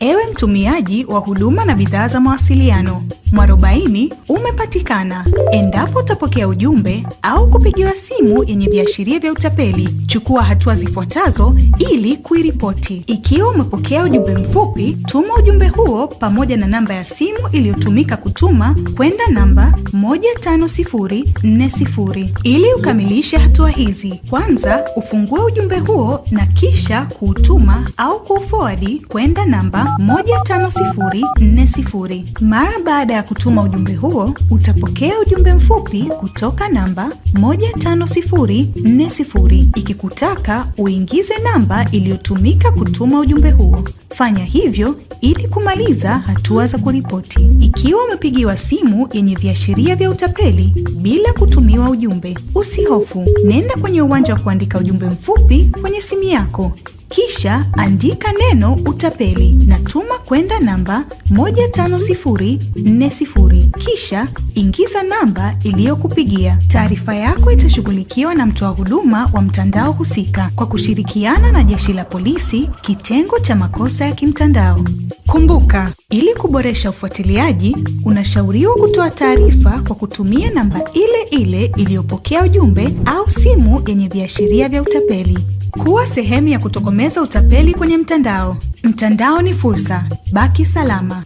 Ewe mtumiaji wa huduma na bidhaa za mawasiliano mwarobaini umepatikana. Endapo utapokea ujumbe au kupigiwa simu yenye viashiria vya utapeli, chukua hatua zifuatazo ili kuiripoti. Ikiwa umepokea ujumbe mfupi, tuma ujumbe huo pamoja na namba ya simu iliyotumika kutuma kwenda namba 15040 ili ukamilishe hatua hizi. Kwanza ufungue ujumbe huo na kisha kuutuma au kuufoadi kwenda namba 15040. Mara baada ya kutuma ujumbe huo utapokea ujumbe mfupi kutoka namba 15040 ikikutaka uingize namba iliyotumika kutuma ujumbe huo. Fanya hivyo ili kumaliza hatua za kuripoti. Ikiwa umepigiwa simu yenye viashiria vya utapeli bila kutumiwa ujumbe, usihofu. Nenda kwenye uwanja wa kuandika ujumbe mfupi kwenye simu yako kisha andika neno utapeli na tuma kwenda namba 15040 kisha ingiza namba iliyokupigia. Taarifa yako itashughulikiwa na mtoa huduma wa mtandao husika kwa kushirikiana na Jeshi la Polisi, kitengo cha makosa ya kimtandao. Kumbuka, ili kuboresha ufuatiliaji, unashauriwa kutoa taarifa kwa kutumia namba ile ile iliyopokea ujumbe au simu yenye viashiria vya utapeli. Kuwa sehemu ya kutokomeza utapeli kwenye mtandao. Mtandao ni fursa. Baki salama.